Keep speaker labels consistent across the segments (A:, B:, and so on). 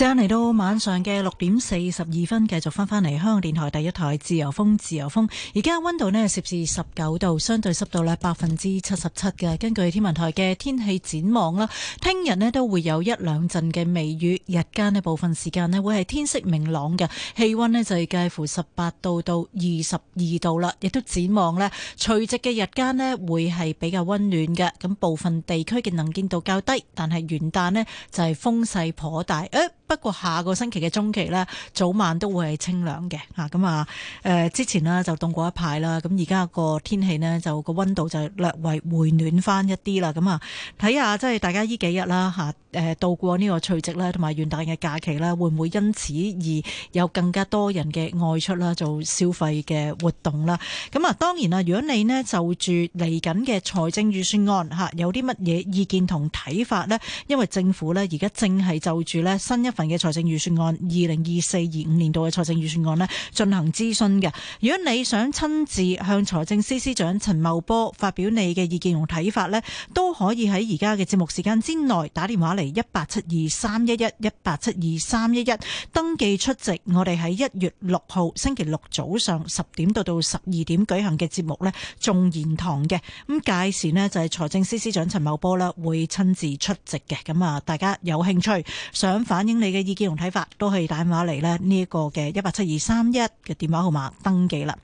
A: 時間嚟到晚上嘅六點四十二分，繼續翻返嚟香港電臺第一台自由風。自由風，而家温度呢，攝氏十九度，相對濕度呢，百分之七十七嘅。根據天文台嘅天氣展望啦，聽日呢都會有一兩陣嘅微雨，日間呢部分時間呢，會係天色明朗嘅，氣温呢，就係介乎十八度到二十二度啦。亦都展望呢，除夕嘅日間呢，會係比較温暖嘅，咁部分地區嘅能見度較低，但係元旦呢，就係、是、風勢頗大。哎不過下個星期嘅中期呢，早晚都會係清涼嘅嚇。咁啊，誒之前呢就凍過一派一排啦。咁而家個天氣呢，就個溫度就略為回暖翻一啲啦。咁啊，睇下即係大家呢幾日啦嚇，誒度過呢個除夕啦，同埋元旦嘅假期啦，會唔會因此而有更加多人嘅外出啦，做消費嘅活動啦？咁啊，當然啦，如果你呢就住嚟緊嘅財政預算案嚇，有啲乜嘢意見同睇法呢？因為政府呢，而家正係就住呢。新一。嘅財政預算案，二零二四二五年度嘅財政預算案呢，進行諮詢嘅。如果你想親自向財政司司長陳茂波發表你嘅意見同睇法呢，都可以喺而家嘅節目時間之內打電話嚟一八七二三一一一八七二三一一登記出席。我哋喺一月六號星期六早上十點到到十二點舉行嘅節目呢，仲延堂嘅咁屆時呢，就係財政司司長陳茂波啦，會親自出席嘅。咁啊，大家有興趣想反映你。嘅意見同睇法都可以打電話嚟呢一個嘅一八七二三一嘅電話號碼登記啦。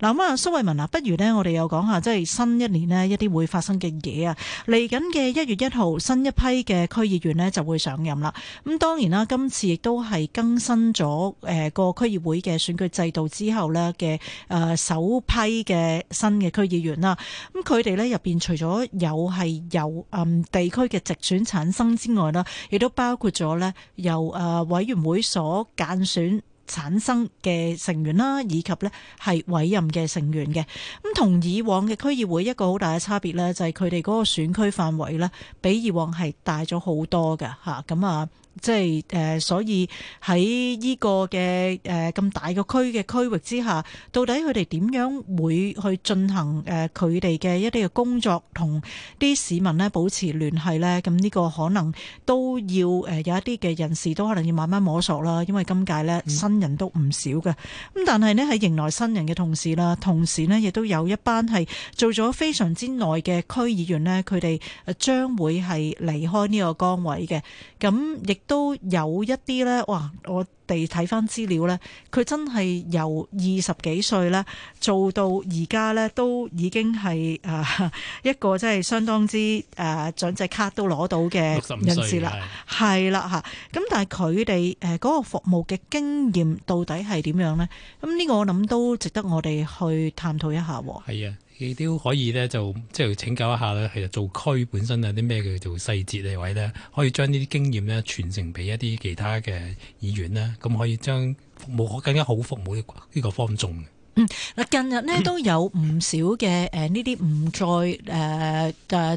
A: 嗱，咁啊，蘇慧文啊，不如呢，我哋又講下即係新一年呢一啲會發生嘅嘢啊。嚟緊嘅一月一號，新一批嘅區議員呢就會上任啦。咁當然啦，今次亦都係更新咗誒個區議會嘅選舉制度之後呢嘅、呃、首批嘅新嘅區議員啦。咁佢哋呢入面除咗有係有、嗯、地區嘅直選產生之外啦，亦都包括咗呢。有、呃。誒，委員會所間選產生嘅成員啦，以及咧係委任嘅成員嘅，咁同以往嘅區議會一個好大嘅差別咧，就係佢哋嗰個選區範圍咧，比以往係大咗好多㗎吓，咁啊。嗯即係誒、呃，所以喺呢個嘅誒咁大個區嘅區域之下，到底佢哋點樣會去進行誒佢哋嘅一啲嘅工作，同啲市民呢保持聯繫呢？咁呢個可能都要誒、呃、有一啲嘅人士都可能要慢慢摸索啦。因為今屆呢新人都唔少嘅，咁但係呢喺迎來新人嘅同時啦，同時呢，亦都有一班係做咗非常之耐嘅區議員呢佢哋將會係離開呢個崗位嘅，咁亦。都有一啲咧，哇！我地睇翻資料呢，佢真係由二十幾歲呢做到而家呢，都已經係誒一個即係相當之誒長者卡都攞到嘅人士啦，係啦嚇。咁的的但係佢哋誒嗰個服務嘅經驗到底係點樣呢？咁、這、呢個我諗都值得我哋去探討一下。
B: 係啊，亦都可以呢，就即、是、係請教一下呢。其實做區本身有啲咩叫做細節咧，或者呢可以將呢啲經驗呢傳承俾一啲其他嘅議員咧。咁可以將服務更加好服務呢個坊眾嘅。嗯，
A: 嗱近日呢都有唔少嘅呢啲唔再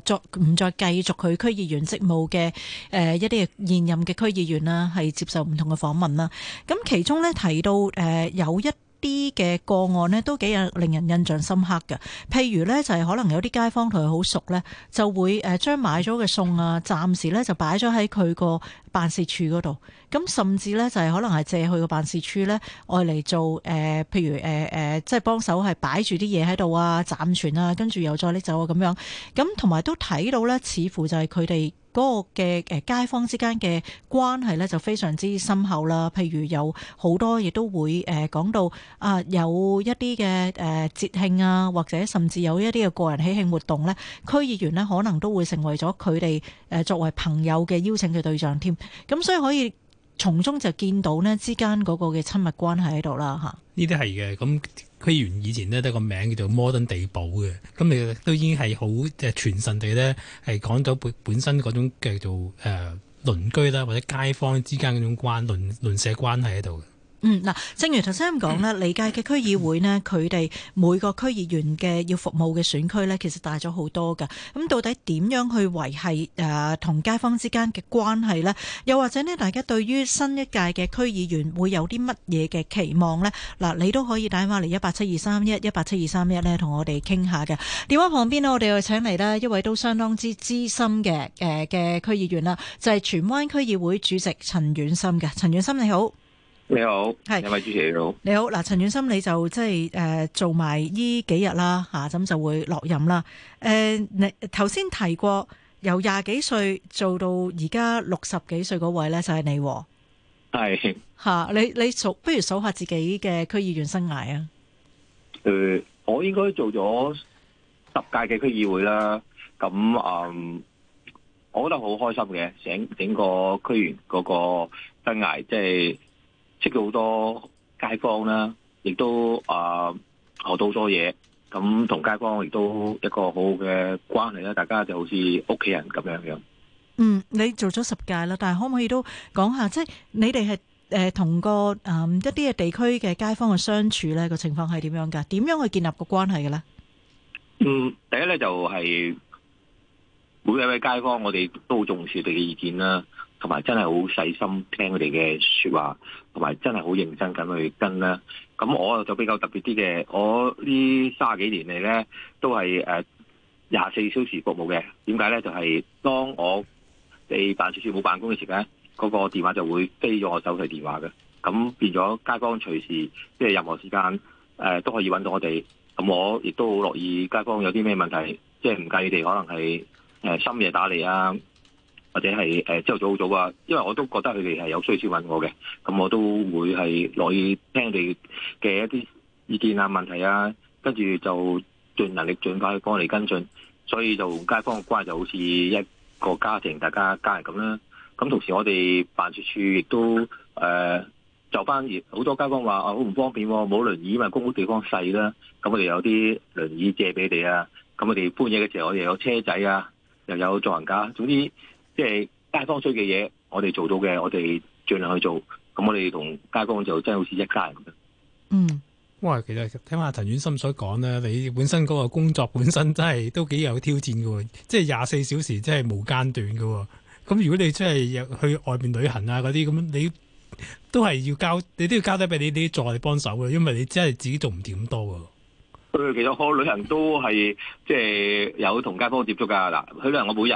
A: 作唔、 呃、再繼續佢區議員職務嘅、呃、一啲現任嘅區議員啦，係接受唔同嘅訪問啦。咁其中呢，提到、呃、有一啲嘅個案呢，都幾印令人印象深刻嘅。譬如呢，就係、係、可能有啲街坊同佢好熟呢，就會誒將買咗嘅餸啊，暫時呢就擺咗喺佢個辦事處嗰度。咁甚至呢，就係可能係借去個辦事處呢，愛嚟做誒、呃，譬如誒誒、呃呃，即係幫手係擺住啲嘢喺度啊，暫存啊，跟住又再拎走啊，咁樣。咁同埋都睇到呢，似乎就係佢哋嗰個嘅誒、呃、街坊之間嘅關係呢，就非常之深厚啦。譬如有好多亦都會誒講、呃、到啊、呃，有一啲嘅誒節慶啊，或者甚至有一啲嘅個人喜慶活動呢，區議員呢，可能都會成為咗佢哋誒作為朋友嘅邀請嘅對象添。咁所以可以。從中就見到呢，之間嗰個嘅親密關係喺度啦，
B: 呢啲係嘅，咁區議員以前呢，都有個名叫做摩登地堡嘅。咁你都已經係好即係傳神地咧，係講咗本本身嗰種叫做誒鄰居啦，或者街坊之間嗰種關鄰舍社關係喺度。
A: 嗯，嗱，正如頭先咁講咧，歷屆嘅區議會呢佢哋每個區議員嘅要服務嘅選區呢其實大咗好多噶。咁到底點樣去維繫誒同街坊之間嘅關係呢？又或者呢，大家對於新一屆嘅區議員會有啲乜嘢嘅期望呢？嗱、呃，你都可以打電話嚟一八七二三一一八七二三一呢，同我哋傾下嘅電話旁邊呢，我哋又請嚟啦一位都相當之資深嘅嘅、呃、區議員啦，就係、是、荃灣區議會主席陳琬琛嘅。陳琬琛你好。
C: 你好，係是，兩位主持你好。
A: 你、呃、好，嗱，陳琬琛，你就即係誒做埋呢幾日啦，吓，咁就會落任啦。誒、呃，你頭先提過由廿幾歲做到而家六十幾歲嗰位咧，就係、是你，是啊、你。係吓，你你數，不如數下自己嘅區議員生涯啊。誒、呃，
C: 我應該做咗十屆嘅區議會啦。咁啊、嗯，我覺得好開心嘅，整整個區員嗰個生涯即係。識到好多街坊啦，亦都啊、呃、學到好多嘢，咁同街坊亦都一個好嘅關係啦。大家就好似屋企人咁樣樣。
A: 嗯，你做咗十屆啦，但係可唔可以都講下，即係你哋係誒同個誒、呃、一啲嘅地區嘅街坊嘅相處咧個情況係點樣噶？點樣去建立個關係嘅咧？
C: 嗯，第一咧就係、是、每一位街坊，我哋都好重視你嘅意見啦。同埋真係好細心聽佢哋嘅說話，同埋真係好認真咁去跟啦。咁我就比較特別啲嘅，我呢三十幾年嚟呢都係誒廿四小時服務嘅。點解呢？就係、是、當我哋辦事處冇辦公嘅時間呢，嗰、那個電話就會飛咗我手提電話嘅。咁變咗街坊隨時即係任何時間、呃、都可以揾到我哋。咁我亦都好樂意街坊有啲咩問題，即係唔計哋可能係深夜打嚟啊！或者係誒朝頭早好早啊，因為我都覺得佢哋係有需要先揾我嘅，咁我都會係樂意聽你嘅一啲意見啊、問題啊，跟住就盡能力盡快去幫你跟進。所以就跟街坊嘅關係就好似一個家庭，大家一家人咁啦。咁同時我哋辦事處亦都誒、呃、就翻好多街坊話啊，好唔方便、啊，冇輪椅咪公屋地方細啦、啊。咁我哋有啲輪椅借俾你啊。咁我哋搬嘢嘅時候，我哋有車仔啊，又有助行架，總之。即係街坊需嘅嘢，我哋做到嘅，我哋盡量去做。咁我哋同街坊就真係好似一家人咁。
A: 嗯，
B: 哇！其實聽下陳琬琛所講咧，你本身嗰個工作本身真係都幾有挑戰噶。即係廿四小時，真係無間斷噶。咁如果你真係去外邊旅行啊嗰啲，咁你都係要交，你都要交低俾你啲助理幫手噶。因為你真係自己做唔掂多噶。
C: 其實我旅行都係即係有同街坊接觸噶。嗱，去旅行我每日。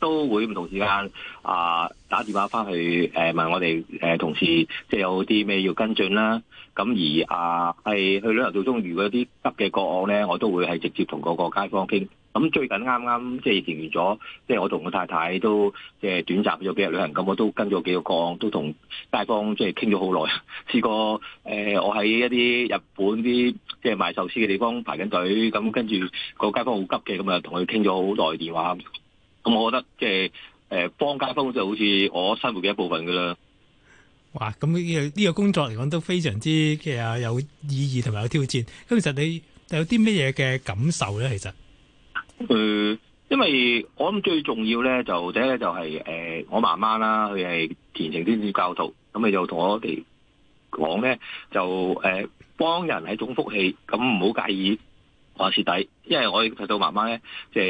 C: 都會唔同時間啊，打電話翻去誒、呃、問我哋誒、呃、同事，即、就、係、是、有啲咩要跟進啦、啊。咁而啊係去旅遊途中，如果啲急嘅個案咧，我都會係直接同個個街坊傾。咁最近啱啱即係停完咗，即、就、係、是、我同我太太都即係短暫咗幾日旅行，咁我都跟咗幾個個案，都同街坊即係傾咗好耐。 試過誒、呃，我喺一啲日本啲即係賣壽司嘅地方排緊隊，咁跟住個街坊好急嘅，咁啊同佢傾咗好耐電話。咁我覺得即係誒幫街坊就好似我生活嘅一部分噶啦。
B: 哇！咁呢個呢個工作嚟講都非常之有意義同埋有挑戰。咁其實你有啲咩嘢嘅感受咧？其實，
C: 誒，因為我諗最重要咧，就第一咧就係、誒呃、我媽媽啦，佢係虔誠天主教徒，咁你就同我哋講咧，就誒、呃、幫人係一種福氣，咁唔好介意。我蝕底，因為我亦睇到媽媽咧，即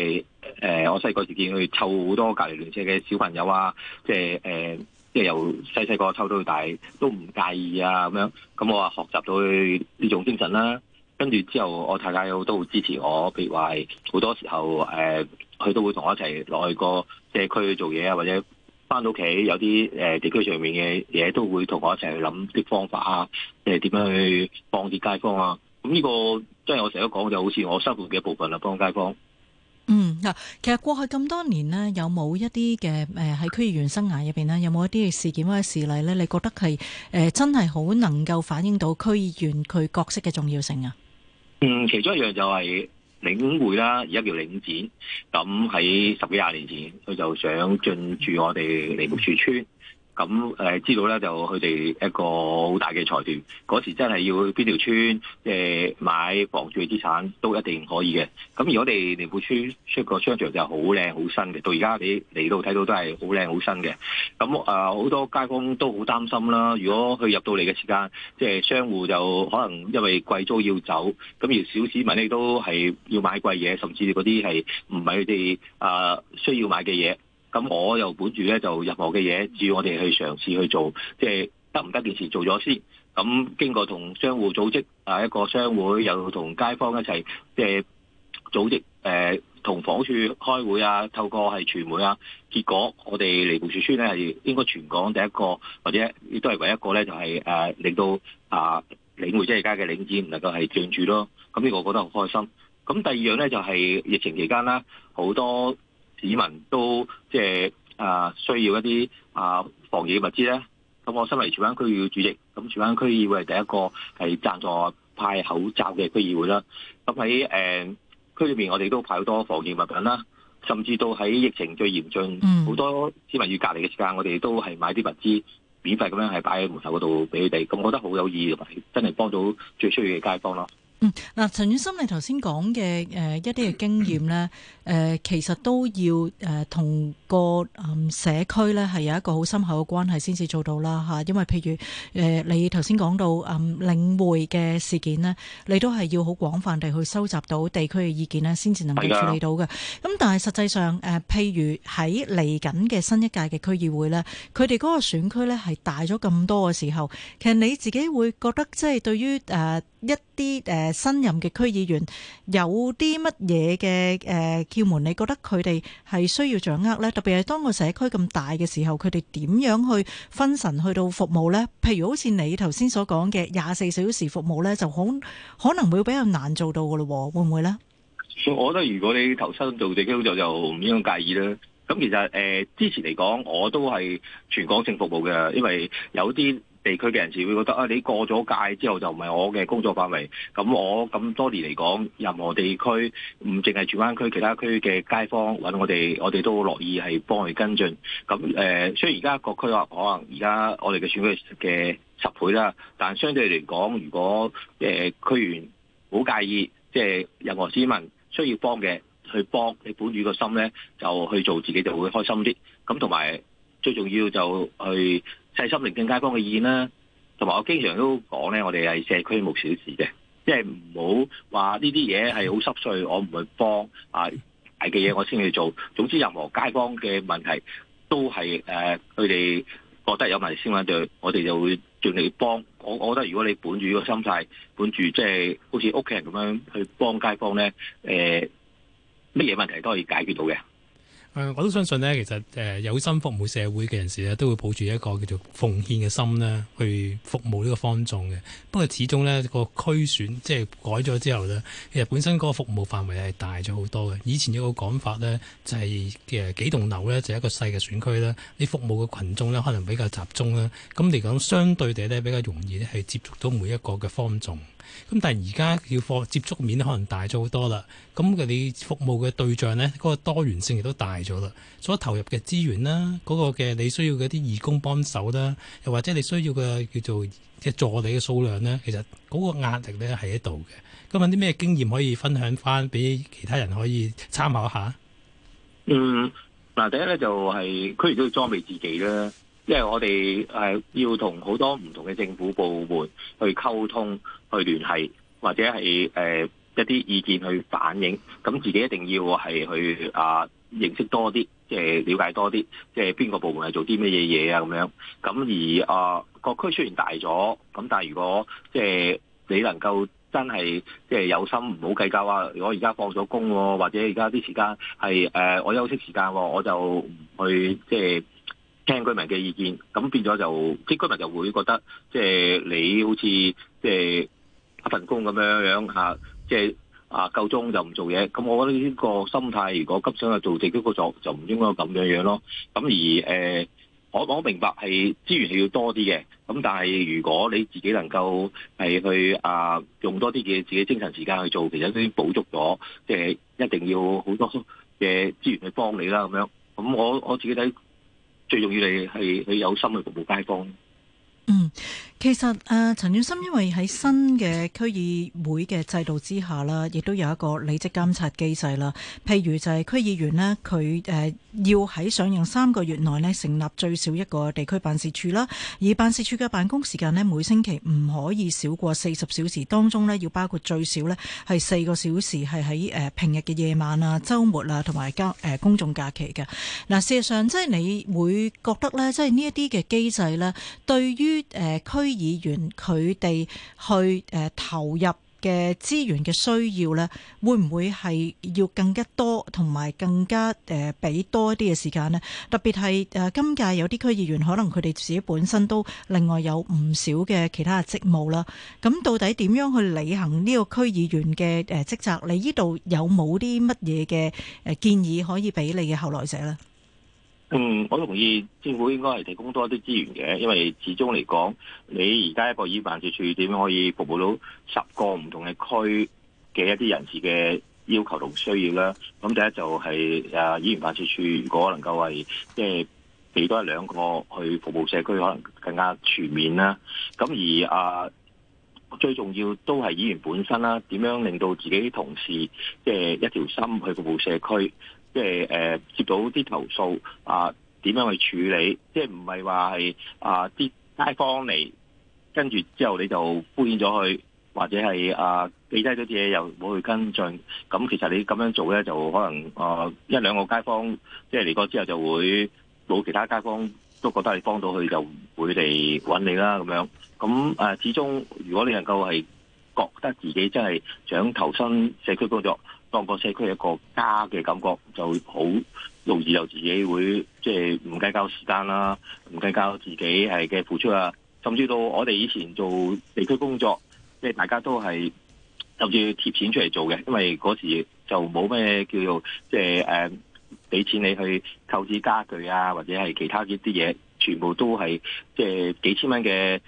C: 係誒，我細個時見佢湊好多隔籬鄰舍嘅小朋友啊，即係誒，即、呃、係由細細個湊到大都唔介意啊咁樣。咁我話學習到佢呢種精神啦、啊。跟住之後，我太太都會支持我，譬如話好多時候誒，佢、呃、都會同我一齊落去個社區做嘢啊，或者翻到屋企有啲地區上面嘅嘢都會同我一齊去諗啲方法啊，即係點樣去幫啲街坊啊。咁呢、這個。即係我成日都講，就好似我生活嘅一部分啦，幫街坊。
A: 嗯嗱，其實過去咁多年呢，有冇一啲嘅誒喺區議員生涯入邊呢？有冇一啲嘅事件或者事例呢？你覺得係誒、呃、真係好能夠反映到區議員佢角色嘅重要性啊？嗯，
C: 其中一樣就係領匯啦，而家叫領展。咁喺十幾廿年前，佢就想進駐我哋梨木樹村。嗯咁誒、嗯、知道咧，就佢哋一個好大嘅財團，嗰時真係要去邊條村，即、呃、買買房住嘅資產都一定可以嘅。咁如果我哋蓮寶村出個商場就好靚好新嘅，到而家你嚟到睇到都係好靚好新嘅。咁、嗯、啊，好、呃、多街坊都好擔心啦。如果佢入到嚟嘅時間，即係商戶就可能因為貴租要走，咁而小市民咧都係要買貴嘢，甚至嗰啲係唔係佢哋啊需要買嘅嘢。咁我又本住咧，就任何嘅嘢，只要我哋去嘗試去做，即係得唔得，件事做咗先。咁經過同商戶組織啊，一個商會，嗯、又同街坊一齊，即係組織誒同、呃、房署開會啊，透過係傳媒啊，結果我哋梨木樹邨咧係應該全港第一個，或者亦都係唯一一個咧，就係誒令到啊領匯即係而家嘅領展唔能夠係佔住咯。咁呢個我覺得好開心。咁第二樣咧就係疫情期間啦，好多，市民都即係啊，需要一啲啊防疫物資咧。咁我身為荃灣區議會主席，咁荃灣區議會係第一個係贊助派口罩嘅區議會啦。咁喺誒區裏面，我哋都派好多防疫物品啦，甚至到喺疫情最嚴峻，好多市民要隔離嘅時間，我哋都係買啲物資，免費咁樣係擺喺門口嗰度俾你哋。咁我覺得好有意義同埋真係幫到最需要嘅街坊咯。嗯，
A: 嗱，陳琬琛你頭先講嘅誒一啲嘅經驗咧。 誒、呃、其實都要誒、呃、同個、嗯、社區呢，係有一個好深厚嘅關係先至做到啦嚇，因為譬如誒、呃、你頭先講到誒、嗯、領匯嘅事件呢，你都係要好廣泛地去收集到地區嘅意見呢，先至能夠處理到嘅。咁的但係實際上誒、呃，譬如喺嚟緊嘅新一屆嘅區議會呢，佢哋嗰個選區呢係大咗咁多嘅時候，其實你自己會覺得即係對於誒、呃、一啲誒、呃、新任嘅區議員有啲乜嘢嘅誒？呃要門，你覺得佢哋係需要掌握呢？特別係當個社區咁大嘅時候，佢哋點樣去分神去到服務呢？譬如好似你頭先所講嘅廿四小時服務呢，就好可能會比較難做到噶咯，會唔會呢？
C: 我覺得如果你頭親做地區工作就唔應該介意啦。咁其實誒之前嚟講，我都係全港性服務嘅，因為有啲。地區嘅人士會覺得啊，你過咗界之後就唔係我嘅工作範圍，咁我咁多年嚟講，任何地區唔淨係荃灣區，其他區嘅街坊揾我哋，我哋都樂意係幫佢跟進。咁誒，雖然而家各區話可能而家我哋嘅選舉嘅十倍啦，但相對嚟講，如果誒、呃、區員好介意，即係任何市民需要幫嘅去幫，你本住個心咧就去做，自己就會開心啲。咁同埋最重要就去，細心聆聽街坊嘅意見啦，同埋我經常都講咧，我哋係社區無小事嘅，即係唔好話呢啲嘢係好濕碎，我唔會幫，啊，大嘅嘢我先去做。總之任何街坊嘅問題都係誒，佢哋，啊，覺得有問題先揾我，我哋就會盡力幫。我，我覺得如果你本住呢個心態，本住即係好似屋企人咁樣去幫街坊咧，誒，咩嘢問題都可以解決到嘅。
B: 誒、嗯，我都相信呢，其實誒、呃、有心服務社會嘅人士呢，都會抱住一個叫做奉獻嘅心呢，去服務呢個坊眾嘅。不過始終呢、呢個區選即係改咗之後呢，其實本身個服務範圍係大咗好多嘅。以前有個講法呢，就係、是、誒幾棟樓呢就係、一個細嘅選區啦。你服務嘅群眾呢，可能比較集中啦。咁嚟講，相對地呢，比較容易呢係接觸到每一個嘅坊眾。咁但係而家叫貨接觸面可能大咗好多啦，咁嘅你服務嘅對象呢，嗰個多元性亦都大咗啦，所投入嘅資源啦，嗰個嘅你需要嘅啲義工幫手啦，又或者你需要嘅叫做嘅助理嘅數量呢，其實嗰個壓力呢係喺度嘅。咁有啲咩經驗可以分享翻俾其他人可以參考一下？嗯，
C: 嗱，第一咧就係佢哋都要裝備自己啦。即係我哋誒要同好多唔同嘅政府部門去溝通、去聯繫，或者係誒一啲意見去反映。咁自己一定要係去啊認識多啲，即係了解多啲，即係邊個部門係做啲乜嘢嘢啊咁樣。咁而啊，個區雖然大咗，咁但係如果即係你能夠真係即係有心，唔好計較啊。我而家放咗工喎，或者而家啲時間係誒我休息時間喎，我就唔去即係。聽居民嘅意見，咁變咗就即係居民就會覺得，即係你好似即係一份工咁樣樣吓，即係啊夠鐘、啊、就唔做嘢。咁我覺得呢個心態，如果急想去做成呢個工作，就唔應該咁樣樣咯。咁而誒、呃，我我明白係資源係要多啲嘅。咁但係如果你自己能夠係去啊用多啲嘅自己精神時間去做，其實先補足咗。即、就、係、是、一定要好多嘅資源去幫你啦。咁樣咁我我自己睇。最重要你係你有心去服務街坊。嗯。
A: 其實誒、呃、陳琬琛因為喺新嘅區議會嘅制度之下啦，亦都有一個履職監察機制啦。譬如就係區議員呢，佢誒、呃、要喺上任三個月內咧成立最少一個地區辦事處啦。而辦事處嘅辦公時間呢，每星期唔可以少過四十小時，當中呢，要包括最少呢係四個小時係喺誒平日嘅夜晚啊、周末啊同埋交誒公眾假期嘅。嗱、呃，事實上即係你會覺得呢，即係呢一啲嘅機制呢，對於誒、呃、區。區議員佢哋去誒投入嘅資源嘅需要咧，會唔會係要更加多，同埋更加誒俾多一啲嘅時間呢？特別係誒今屆有啲區議員可能佢哋自己本身都另外有唔少嘅其他嘅職務啦。咁到底點樣去履行呢個區議員嘅誒職責？你呢度有冇啲乜嘢嘅誒建議可以俾你嘅後來者呢？
C: 嗯，我同意政府應該係提供多一啲資源嘅，因為始終嚟講，你而家一個議員辦事處點樣可以服務到十個唔同嘅區嘅一啲人士嘅要求同需要呢？咁第一就係啊，議員辦事處如果能夠係即係俾多一兩個去服務社區，可能更加全面啦。咁而啊，最重要都係議員本身啦，點樣令到自己啲同事即係一條心去服務社區？即係誒接到啲投訴啊，點樣去處理？即係唔係話係啊啲街坊嚟跟住之後你就敷衍咗佢，或者係啊記低咗啲嘢又冇去跟進。咁其實你咁樣做咧，就可能啊一兩個街坊即係嚟過之後就會冇其他街坊都覺得你幫到佢，就唔會嚟搵你啦咁樣。咁誒、啊、始終如果你能夠係覺得自己真係想投身社區工作。當個社區一個家嘅感覺就好，容易就自己會即係唔計較時間啦，唔計較自己係嘅付出啊。甚至到我哋以前做地區工作，即係大家都係甚至貼錢出嚟做嘅，因為嗰時就冇咩叫做即係誒，俾、就是、錢你去購置家具啊，或者係其他一啲嘢，全部都係即係幾千蚊嘅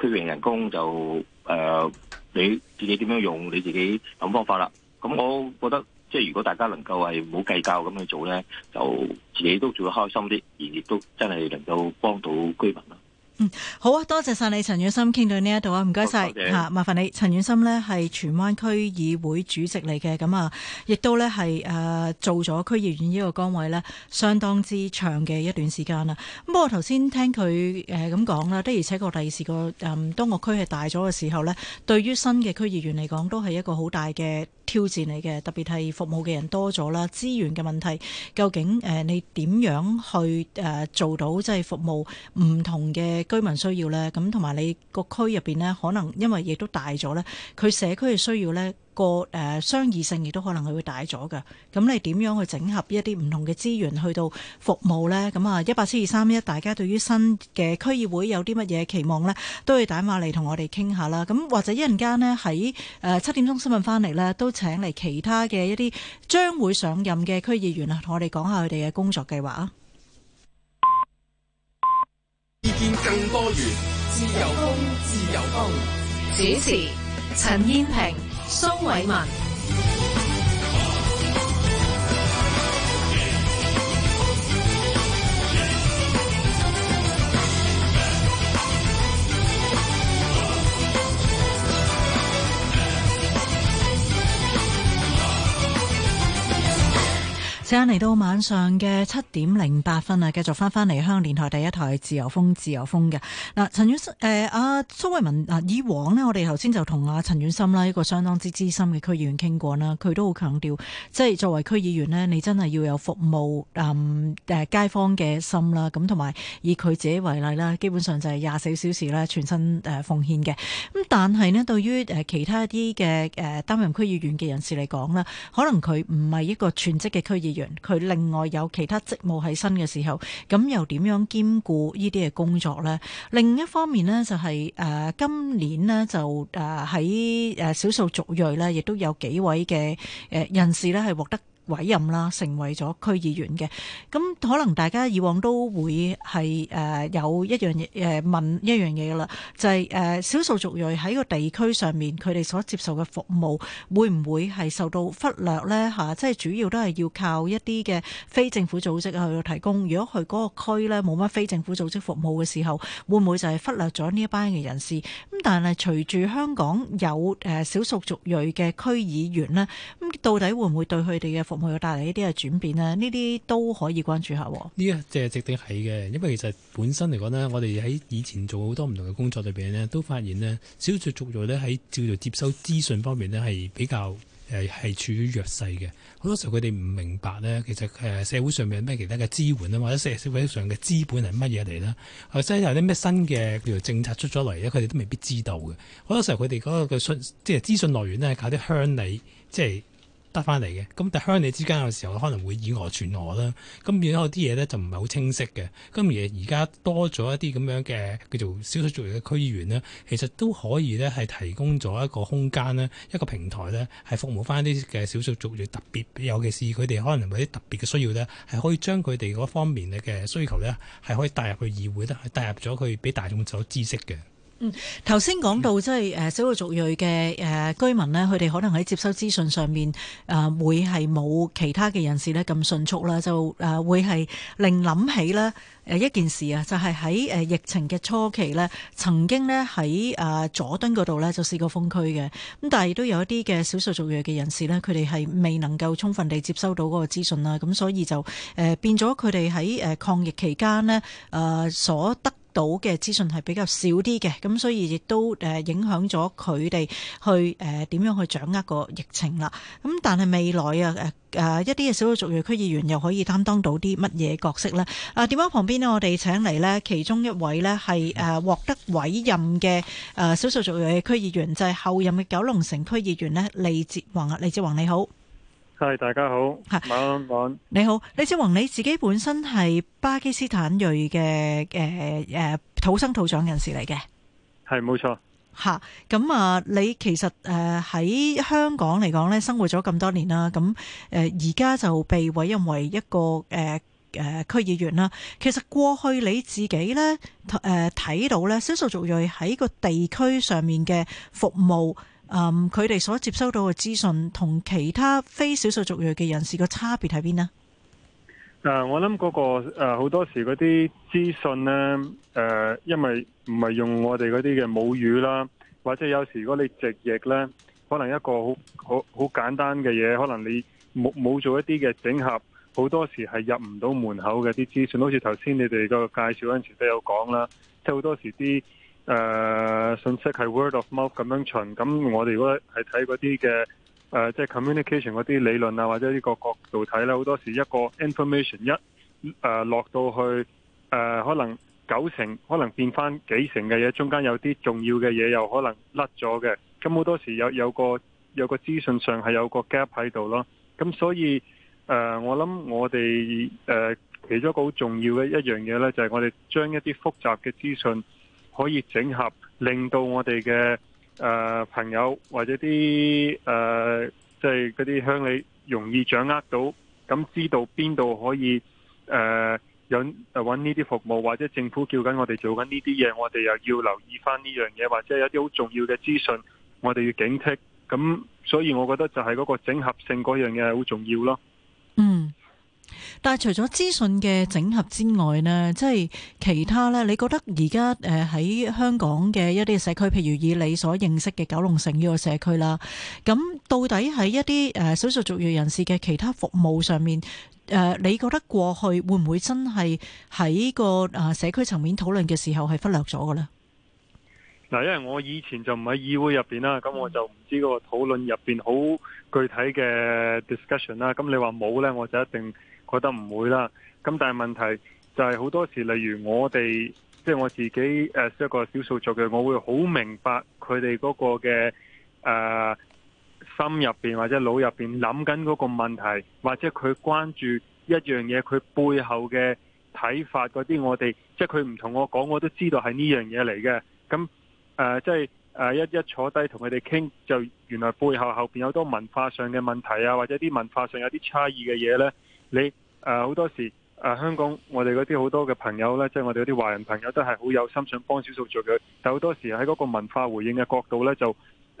C: 區域人工就誒、呃，你自己點樣用，你自己諗方法啦。咁我覺得，即係如果大家能夠係唔好計較咁去做咧，就自己都做得開心啲，而亦都真係能夠幫到居民啦。
A: 嗯，好啊，多謝晒你，陳琬琛，傾到呢一度啊，唔該晒吓，麻煩你，陳琬琛呢係荃灣區議會主席嚟嘅，咁啊，亦都呢係誒做咗區議員呢個崗位呢，相當之長嘅一段時間啦。咁不過頭先聽佢誒咁講啦，的而且確，第時個誒當個區係大咗嘅時候呢，對於新嘅區議員嚟講，都係一個好大嘅挑戰嚟嘅，特別係服務嘅人多咗啦，資源嘅問題，究竟誒、呃、你點樣去誒、呃、做到即係、就是、服務唔同嘅居民需要咧，咁同埋你個區入邊呢，可能因為亦都大咗咧，佢社區嘅需要咧，個誒商議性亦都可能佢會大咗㗎。咁你點樣去整合一啲唔同嘅資源去到服務咧？咁啊，一八七二三一，1，大家對於新嘅區議會有啲乜嘢期望呢？都要打電話嚟同我哋傾下啦。咁或者一陣間呢，喺誒七點鐘新聞翻嚟呢，都請嚟其他嘅一啲將會上任嘅區議員啊，同我哋講下佢哋嘅工作計劃啊。
C: 更多元，
A: 自由風，自由風。主持：陳燕平、蘇偉文。咁嚟到晚上嘅七點零八分啊，繼續翻翻嚟香港電台第一台自《自由風》，自由風嘅嗱，陳琬琛阿啊、呃，蘇慧文、呃、以往呢，我哋頭先就同阿陳琬琛啦，一個相當之資深嘅區議員傾過啦，佢都好強調，即、就、係、是、作為區議員呢，你真係要有服務誒、嗯、街坊嘅心啦，咁同埋以佢自己為例啦，基本上就係廿四小時咧，全身奉獻嘅。咁但係呢，對於其他一啲嘅誒擔任區議員嘅人士嚟講啦，可能佢唔係一個全職嘅區議員。佢另外有其他職務喺身嘅時候，咁又點樣兼顧呢啲嘅工作咧？另一方面咧、就是，就係誒今年咧，就誒喺誒少數族裔咧，亦都有幾位嘅誒、啊、人士咧，係獲得。委任啦，成為咗區議員嘅，咁可能大家以往都會，係誒有一樣嘢誒問一樣嘢噶啦，就係誒少數族裔喺個地區上面，佢哋所接受嘅服務會唔會係受到忽略咧？吓，即係主要都係要靠一啲嘅非政府組織去提供。如果佢嗰個區咧冇乜非政府組織服務嘅時候，會唔會就係忽略咗呢一班嘅人士？咁但係隨住香港有誒少數族裔嘅區議員咧，咁到底會唔會對佢哋嘅？唔會帶嚟呢啲嘅轉變咧，呢啲都可以關注下。
B: 呢一即係值得係嘅，因為其實本身嚟講呢我哋喺以前做好多唔同嘅工作入邊咧，都發現呢少數族裔咧喺照做接收資訊方面呢，係比較誒係處於弱勢嘅。好多時候佢哋唔明白呢，其實社會上面有咩其他嘅支援啊，或者社社會上嘅資本係乜嘢嚟啦，或者有啲咩新嘅叫做政策出咗嚟咧，佢哋都未必知道嘅。好多時候佢哋嗰個嘅訊即係資訊來源咧，靠啲鄉里即係。得翻嚟嘅，咁但鄉里之間有時候可能會以訛傳訛啦，咁變咗有啲嘢咧就唔係好清晰嘅。咁而而家多咗一啲咁樣嘅叫做少數族裔嘅區議員咧，其實都可以咧係提供咗一個空間咧，一個平台咧係服務翻啲嘅少數族裔特別，尤其是佢哋可能有啲特別嘅需要咧，係可以將佢哋嗰方面嘅需求咧係可以帶入去議會咧，係帶入咗佢俾大眾所知悉嘅。
A: 嗯，頭先講到即係誒小數族裔嘅誒居民咧，佢哋可能喺接收資訊上面誒、呃、會係冇其他嘅人士咧咁迅速啦，就誒會係另諗起咧誒一件事啊，就係喺誒疫情嘅初期咧，曾經咧喺誒佐敦嗰度咧就試過封區嘅，咁但係亦都有一啲嘅少數族裔嘅人士咧，佢哋係未能夠充分地接收到嗰個資訊啦，咁所以就誒變咗佢哋喺誒抗疫期間咧誒所得。到嘅資訊係比較少啲嘅，咁所以亦都誒影響咗佢哋去誒點、呃、樣去掌握個疫情啦。咁但係未來啊誒誒、啊、一啲嘅少數族裔區議員又可以擔當到啲乜嘢角色呢？啊電話旁邊咧，我哋請嚟呢其中一位呢係誒、啊、獲得委任嘅誒少數族裔區議員，就係、是、候任嘅九龍城區議員呢，利哲宏啊，利哲宏你好。
D: 係，Hi, 大家好。吓，係，晚安，晚安，
A: 你好，利哲宏，你自己本身係巴基斯坦裔嘅，誒、啊、誒土生土長人士嚟嘅。
D: 係，冇錯。
A: 吓，咁啊，你其實誒喺香港嚟講咧，生活咗咁多年啦，咁誒而家就被委任為一個誒誒區議員啦。其實過去你自己咧，誒睇到咧，少數族裔喺個地區上面嘅服務。嗯，佢哋所接收到嘅資訊同其他非少數族裔嘅人士個差別喺邊咧？
D: 誒、呃，我諗嗰個誒好多時嗰啲資訊呢，誒、呃，因為唔係用我哋嗰啲嘅母語啦，或者有時如果你直譯呢，可能一個好好好簡單嘅嘢，可能你冇冇做一啲嘅整合，好多時係入唔到門口嘅啲資訊，好似頭先你哋個介紹嗰陣時都有講啦，即係好多時啲。誒、uh, 信息係 word of mouth 咁樣傳。咁我哋如果係睇嗰啲嘅誒，即、uh, 係 communication 嗰啲理論啊，或者呢個角度睇呢，好多時一個 information 一誒、uh, 落到去誒，uh, 可能九成可能變翻幾成嘅嘢，中間有啲重要嘅嘢又可能甩咗嘅，咁好多時有有個有個資訊上係有個 gap 喺度咯，咁所以誒，uh, 我諗我哋誒、uh, 其中一個好重要嘅一樣嘢呢，就係、是、我哋將一啲複雜嘅資訊。可以整合，令到我哋嘅、呃、朋友或者啲誒，即係嗰啲鄉里容易掌握到，咁知道邊度可以誒、呃、有揾呢啲服務或者政府叫緊我哋做緊呢啲嘢，我哋又要留意翻呢樣嘢，或者有啲好重要嘅資訊，我哋要警惕。咁所以，我覺得就係嗰個整合性嗰樣嘢係好重要咯。
A: 但係除咗資訊嘅整合之外呢，即係其他呢？你覺得而家誒喺香港嘅一啲社區，譬如以你所認識嘅九龍城呢個社區啦，咁到底喺一啲誒少數族裔人士嘅其他服務上面誒，你覺得過去會唔會真係喺個啊社區層面討論嘅時候係忽略咗嘅呢？
D: 嗱，因為我以前就唔喺議會入邊啦，咁我就唔知嗰個討論入邊好具體嘅 discussion 啦。咁你話冇呢？我就一定。我覺得唔會啦，咁但係問題就係好多時，例如我哋即係我自己誒，係、呃、一、那個少數族嘅，我會好明白佢哋嗰個嘅誒、呃、心入邊或者腦入邊諗緊嗰個問題，或者佢關注一樣嘢，佢背後嘅睇法嗰啲，我哋即係佢唔同我講，我都知道係呢樣嘢嚟嘅。咁誒即係誒一一坐低同佢哋傾，就原來背後後邊有好多文化上嘅問題啊，或者啲文化上有啲差異嘅嘢呢。你。誒好、啊、多時誒、啊、香港我哋嗰啲好多嘅朋友呢，即、就、係、是、我哋嗰啲華人朋友都係好有心想幫少數做嘅。但好多時喺嗰個文化回應嘅角度呢，就誒、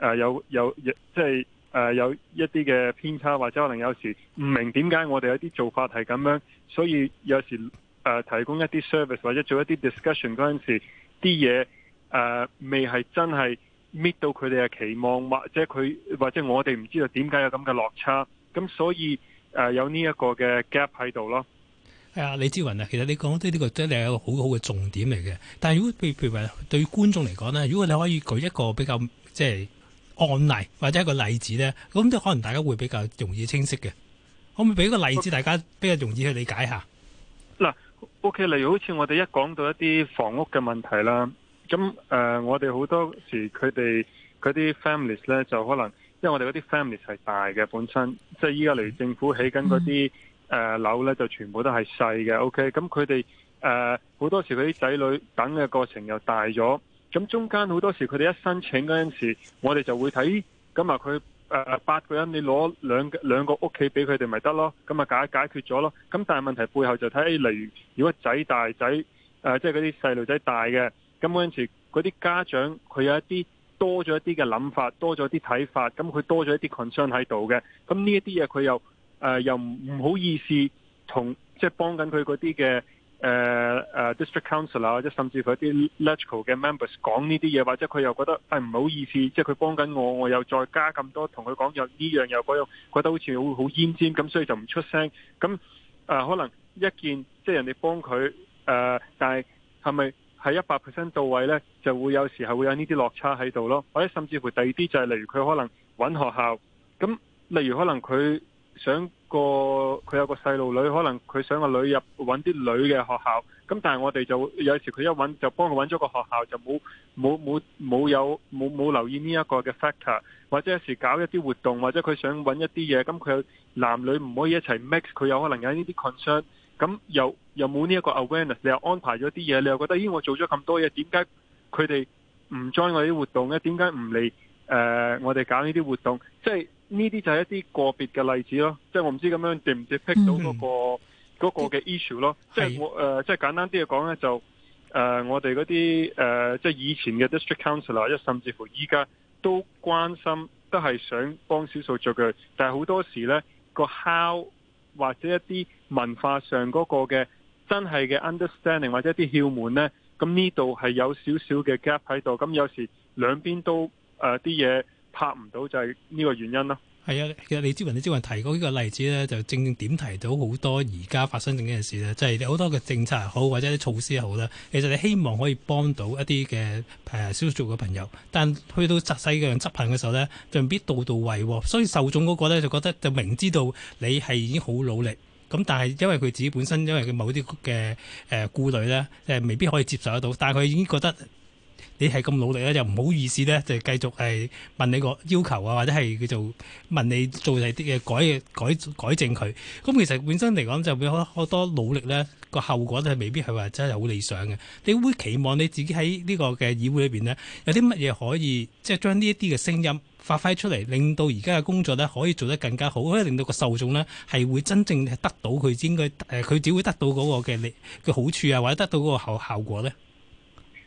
D: 啊、有有即係誒有一啲嘅偏差，或者可能有時唔明點解我哋一啲做法係咁樣，所以有時誒、啊、提供一啲 service 或者做一啲 discussion 嗰陣時，啲嘢誒未係真係 meet 到佢哋嘅期望，或者佢或者我哋唔知道點解有咁嘅落差，咁所以。誒、啊，有呢一個嘅 gap 喺度
B: 咯。係啊，利哲宏啊，其實你講都呢個真係、就是、一個很好好嘅重點嚟嘅。但係如果譬譬如話對觀眾嚟講咧，如果你可以舉一個比較即係案例或者一個例子咧，咁都可能大家會比較容易清晰嘅。可唔可以俾個例子，Okay. 大家比較容易去理解一下？
D: 嗱，OK，例如好似我哋一講到一啲房屋嘅問題啦，咁誒、呃，我哋好多時佢哋嗰啲 families 咧，就可能。即係我哋嗰啲 family 係大嘅本身，即係依家嚟政府起緊嗰啲誒樓咧，就、mm hmm. 呃、全部都係細嘅。OK，咁佢哋誒好多時佢啲仔女等嘅過程又大咗。咁中間好多時佢哋一申請嗰陣時，我哋就會睇咁啊，佢誒、呃、八個人你拿，你攞兩兩個屋企俾佢哋咪得咯，咁啊解解決咗咯。咁但係問題背後就睇、哎，例如如果仔大仔誒，即係嗰啲細路仔大嘅，咁嗰陣時嗰啲家長佢有一啲，多咗一啲嘅諗法，多咗啲睇法，咁佢多咗一啲 concern 喺度嘅，咁呢一啲嘢佢又誒、呃、又唔好意思同即係、就是、幫緊佢嗰啲嘅誒誒 district council 啊，或者甚至佢啲 local 嘅 members 講呢啲嘢，或者佢又覺得誒、哎，唔好意思，即係佢幫緊我，我又再加咁多同佢講又呢樣又嗰樣，覺得好似好好煙尖，咁所以就唔出聲，咁誒、呃、可能一件即係、就是、人哋幫佢誒、呃，但係係咪？係一百 percent 到位呢，就會有時候會有呢啲落差喺度咯，或者甚至乎第二啲就係例如佢可能揾學校，咁例如可能佢想個佢有個細路女，可能佢想個女入揾啲女嘅學校，咁但係我哋就有時佢一揾就幫佢揾咗個學校，就冇冇冇冇有冇冇留意呢一個嘅 factor，或者有時搞一啲活動，或者佢想揾一啲嘢，咁佢男女唔可以一齊 mix，佢有可能有呢啲 concern。咁又又冇呢一個 awareness，你又安排咗啲嘢，你又覺得咦、呃？我做咗咁多嘢，點解佢哋唔 join 我啲活動咧？點解唔嚟誒？我哋搞呢啲活動，即係呢啲就係一啲個別嘅例子咯。即係我唔知咁樣接唔接 pick 到嗰、嗰個嘅、嗯嗯、issue 咯。嗯、即係我誒、呃，即係簡單啲嚟講咧，就誒、呃、我哋嗰啲誒，即係以前嘅 district councillor，一甚至乎依家都關心，都係想幫少數族嘅，但係好多時咧個 how。或者一啲文化上嗰個嘅真係嘅 understanding 或者一啲竅門咧，咁呢度係有少少嘅 gap 喺度，咁有時兩邊都誒啲嘢拍唔到，就係
B: 呢個原因啦。係啊，其實利哲宏，利哲宏提過呢個例子咧，就正正點提到好多而家發生緊嘅事咧，就係、即係、好多嘅政策好或者啲措施好啦，其實你希望可以幫到一啲嘅小眾嘅朋友，但去到實際嘅執行嘅時候呢，就未必到到位喎。所以受眾嗰個呢，就覺得就明知道你係已經好努力，咁但係因為佢自己本身因為佢某啲嘅誒顧慮呢，未必可以接受得到，但係佢已經覺得。你係咁努力咧，就唔好意思咧，就繼續係問你個要求啊，或者係叫做問你做第啲嘅改改改正佢。咁其實本身嚟講，就會好多努力咧，個後果都係未必係話真係好理想嘅。你會期望你自己喺呢個嘅議會裏邊呢，有啲乜嘢可以即係將呢一啲嘅聲音發揮出嚟，令到而家嘅工作咧可以做得更加好，可以令到個受眾呢係會真正得到佢應該誒，佢只會得到嗰個嘅利嘅好處啊，或者得到嗰個效效果咧？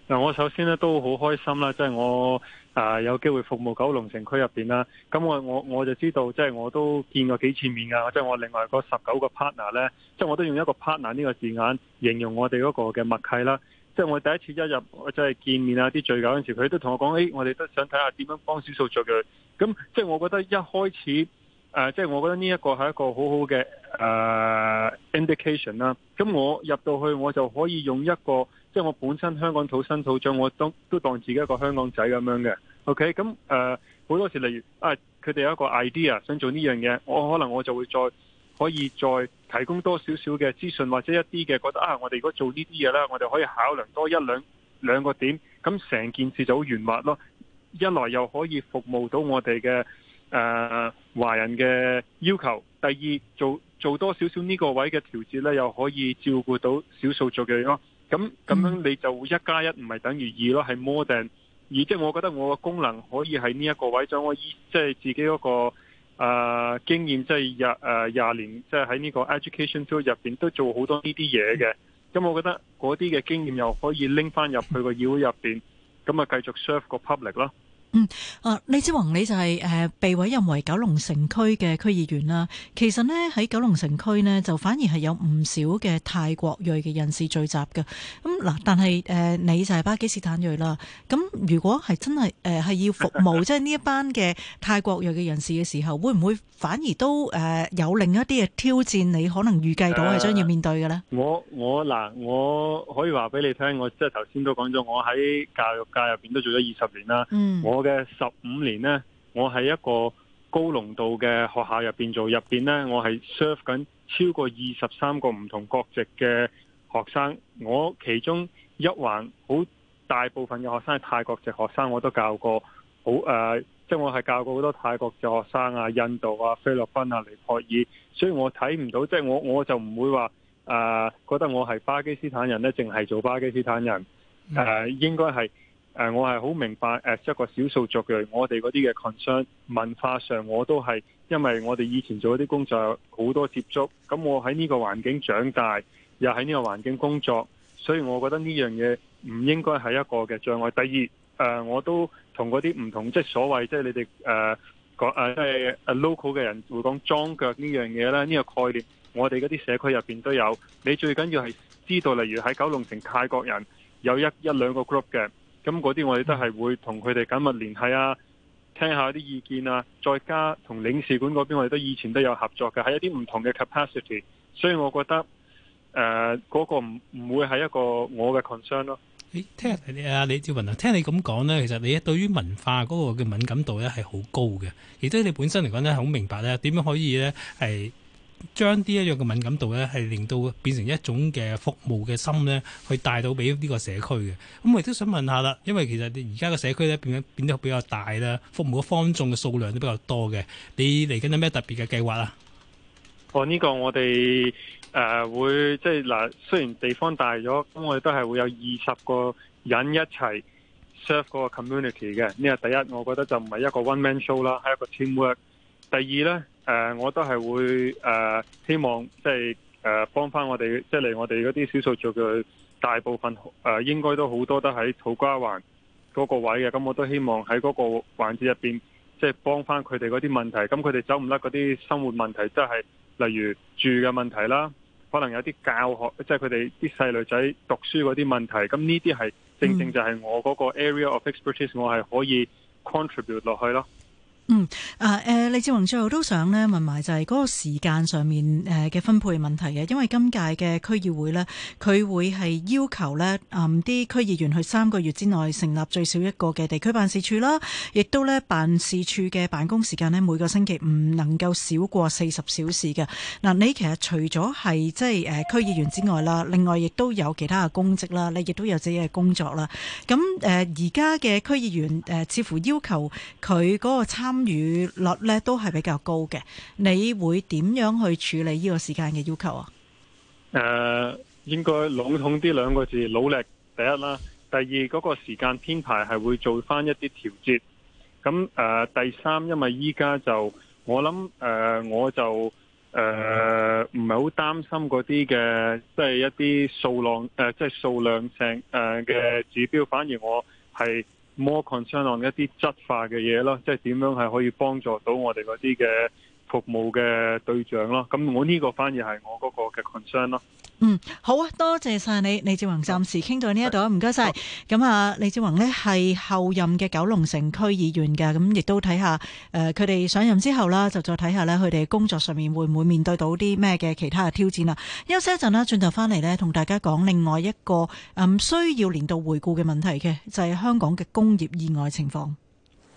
D: 嗱，我首先咧都好開心啦，即係我啊有機會服務九龍城區入面啦。咁我我我就知道，即係我都見過幾次面啊，即係我另外個十九個 partner 咧，即係我都用一個 partner 呢個字眼形容我哋嗰個嘅默契啦。即係我第一次一入即係見面啊，啲最緊時佢都同我講：誒、哎，我哋都想睇下點樣幫少數族裔。」咁即係我覺得一開始誒，即係我覺得呢一個係一個好好嘅、呃、indication 啦。咁我入到去，我就可以用一個。即係我本身香港土生土長，我都都當自己一個香港仔咁樣嘅。OK，咁、呃、好多時，例如啊，佢哋有一個 idea 想做呢樣嘢，我可能我就會再可以再提供多少少嘅資訊，或者一啲嘅覺得啊，我哋如果做呢啲嘢咧，我哋可以考量多一兩個、兩個點，咁成件事就好圓滑咯。一來又可以服務到我哋嘅、呃、華人嘅要求，第二做做多少少呢個位嘅調節咧，又可以照顧到少數族嘅咯。咁咁樣你就一加一唔係等於二咯，係 more than 而即係我覺得我嘅功能可以喺呢一個位置就、那個呃就是呃，就我以即係自己嗰個誒經驗，即係廿誒廿年，即係喺呢個 education tool 入邊都做好多呢啲嘢嘅。咁我覺得嗰啲嘅經驗又可以拎翻入去個議會入邊，咁啊繼續 serve 個 public 咯。
A: 啊、嗯，利哲宏，你就係、是、誒、呃、被委任為九龍城區嘅區議員啦。其實呢，喺九龍城區呢，就反而係有唔少嘅泰國裔嘅人士聚集嘅。咁、嗯、嗱，但係誒、呃，你就係巴基斯坦裔啦。咁、啊、如果係真係誒係要服務，即係呢一班嘅泰國裔嘅人士嘅時候，會唔會反而都誒有另一啲嘅挑戰？你可能預計到係將要面對嘅呢？呃、
D: 我我嗱，我可以話俾你聽，我即係頭先都講咗，我喺教育界入邊都做咗二十年啦。嗯、我。嘅十五年咧，我喺一個高濃度嘅學校入邊做，入邊咧我係 serve 緊超過二十三個唔同國籍嘅學生，我其中一環好大部分嘅學生係泰國籍學生，我都教過好，誒，即係我係教過好多泰國嘅學生啊、印度啊、菲律賓啊、尼泊爾，所以我睇唔到，即係我我就唔會話誒覺得我係巴基斯坦人咧，淨係做巴基斯坦人誒，應該係。誒，我係好明白誒，一個少數族裔，我哋嗰啲嘅 concern 文化上，我都係因為我哋以前做嗰啲工作好多接觸，咁我喺呢個環境長大，又喺呢個環境工作，所以我覺得呢樣嘢唔應該係一個嘅障礙。第二誒，我都同嗰啲唔同，即係所謂即係你哋誒講誒，即係 local 嘅人會講裝腳呢樣嘢啦。呢個概念，我哋嗰啲社區入面都有。你最緊要係知道，例如喺九龍城泰國人有一一兩個 group 嘅。咁嗰啲我哋都係會同佢哋緊密聯繫啊，聽下啲意見啊，再加同領事館嗰邊我哋都以前都有合作嘅，係一啲唔同嘅 capacity，所以我覺得誒嗰、呃嗰個唔唔會係一個我嘅 concern 咯。誒，
B: 聽下阿利哲宏啊，聽你咁講呢，其實你對於文化嗰個嘅敏感度咧係好高嘅，亦都你本身嚟講咧好明白咧點樣可以咧係。將啲一樣嘅敏感度咧，係令到變成一種嘅服務嘅心咧，去帶到俾呢個社區嘅。咁我亦都想問一下啦，因為其實而家嘅社區咧變得變得比較大啦，服務嘅坊眾嘅數量都比較多嘅。你嚟緊有咩特別嘅計劃啊？
D: 哦，呢個我哋誒、呃、會即係嗱，雖然地方大咗，咁我哋都係會有二十個人一齊 serve 個 community 嘅。呢個第一，我覺得就唔係一個 one man show 啦，係一個 teamwork。第二咧。誒，我都係會誒，希望即係誒幫翻我哋，即係嚟我哋嗰啲少數族裔嘅大部分，誒應該都好多都喺土瓜灣嗰個位嘅。咁我都希望喺嗰個環節入面，即係幫翻佢哋嗰啲問題。咁佢哋走唔甩嗰啲生活問題，即係例如住嘅問題啦，可能有啲教學，即係佢哋啲細女仔讀書嗰啲問題。咁呢啲係正正就係我嗰個 area of expertise，我係可以 contribute 落去咯。
A: 嗯，啊，誒，利哲宏最後都想咧問埋就係嗰個時間上面誒嘅分配問題嘅，因為今屆嘅區議會咧，佢會係要求咧，啊啲區議員去三個月之內成立最少一個嘅地區辦事處啦，亦都咧辦事處嘅辦公時間咧每個星期唔能夠少過四十小時嘅。嗱、啊，你其實除咗係即係誒區議員之外啦，另外亦都有其他嘅公職啦，你亦都有自己嘅工作啦。咁誒而家嘅區議員誒、呃、似乎要求佢嗰個參。參與率咧都係比較高嘅，你會點樣去處理呢個時間嘅要求啊？
D: 誒、呃，應該籠統啲兩個字，努力第一啦，第二嗰、那個時間編排係會做翻一啲調節。咁誒、呃，第三，因為依家就我諗誒、呃，我就誒唔係好擔心嗰啲嘅，即、就、係、是、一啲數量誒，即係數量性誒嘅指標，反而我係。more concern on 一啲質化嘅嘢咯，即係點樣係可以幫助到我哋嗰啲嘅服務嘅對象咯，咁我呢個反而係我嗰個嘅 concern 咯。
A: 嗯，好啊，多謝晒你，利哲宏暫時傾到呢一度，唔該晒。咁啊謝，的利哲宏呢係候任嘅九龍城區議員嘅，咁亦都睇下誒佢哋上任之後啦，就再睇下呢佢哋工作上面會唔會面對到啲咩嘅其他嘅挑戰啊？休息一陣啦，轉頭翻嚟呢，同大家講另外一個誒需要年度回顧嘅問題嘅，就係、是、香港嘅工業意外情況。